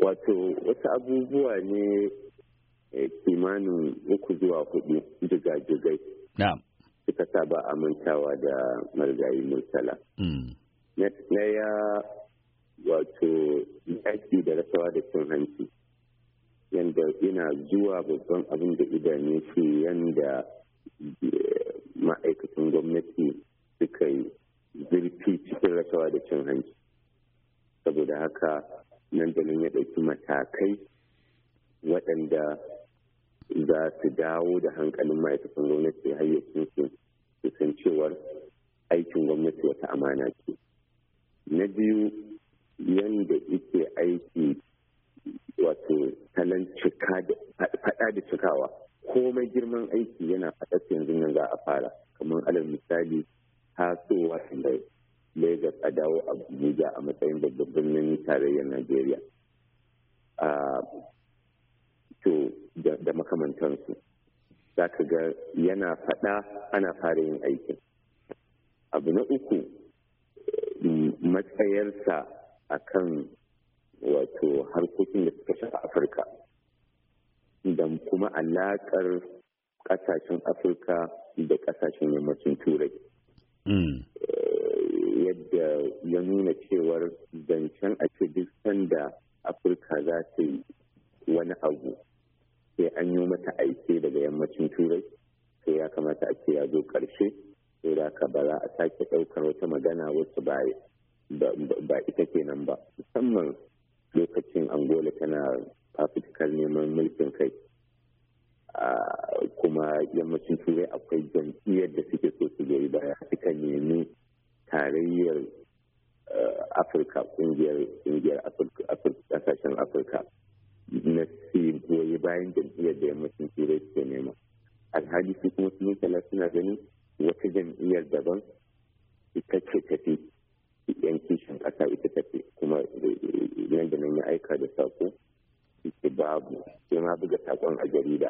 wato wasu abubuwa ne eh, kimanin uku zuwa hudu jigajigai suka sa ba amintawa da marigayi murtala hmm. na ya wato yaki da rasawa da cin hanci yadda ina zuwa babban abin da idanu su yadda eh, ma'aikatan gwamnati suka yi zurfi cikin rasawa da cin hanci saboda haka nan da nan ya ɗauki matakai waɗanda za su dawo da hankalin ma'aikatan gwamnati har ya su san cewar aikin gwamnati wata amana ce na biyu yadda ike aiki wato talan faɗa da cikawa komai girman aiki yana faɗa yanzu nan za a fara kamar alal misali tasowa da Legas a dawo Abuja a matsayin babban birnin tarayyar Najeriya. To da makamantansu. Za ka ga yana faɗa ana fara yin aikin. Abu na uku mm, matsayarsa a kan wato harkokin da suka shafa Afirka. Da kuma alaƙar ƙasashen Afirka da ƙasashen yammacin Turai. Hmm. zancen a ce duk sanda afirka za ta yi wani abu sai an yi mata aike daga yammacin turai sai ya kamata a ce ya zo karshe sai da ka bara a sake ɗaukar wata magana wasu ba ita kenan ba musamman lokacin angola tana fafutukar neman mulkin kai kuma yammacin turai akwai jam'iyyar da suke so su gari baya suka nemi tarayyar afirka kungiyar kasashen afirka na goyi bayan jam'iyyar da yammacin turai suke nema alhali su kuma sun kala suna ganin wata jam'iyyar daban ita ce tafi yan kishin kasa ita tafi kuma nan da nan ya aika da sako ita babu sai ma buga sakon a jarida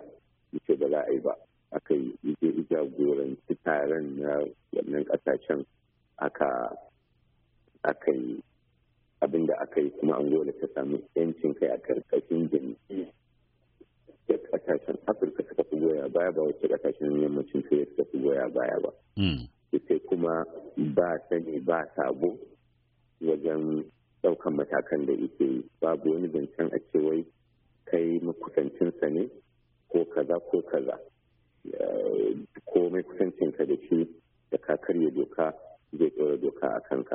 ita ba za a yi ba aka yi ita jagoranci taron na wannan ƙasashen aka aka yi abin da aka yi kuma angola ta sami yancin kai a karkashin jami'i da kasashen afirka suka fi goya baya ba wacce kasashen yammacin turai suka fi goya baya ba hmm. sai kuma ba sani ba sabo wajen daukan matakan da yake yi babu wani zancen a cewai kai makusancinsa ne ko kaza ko kaza eh, ko mai kusancinka da shi da ka karya doka zai tsora doka a kanka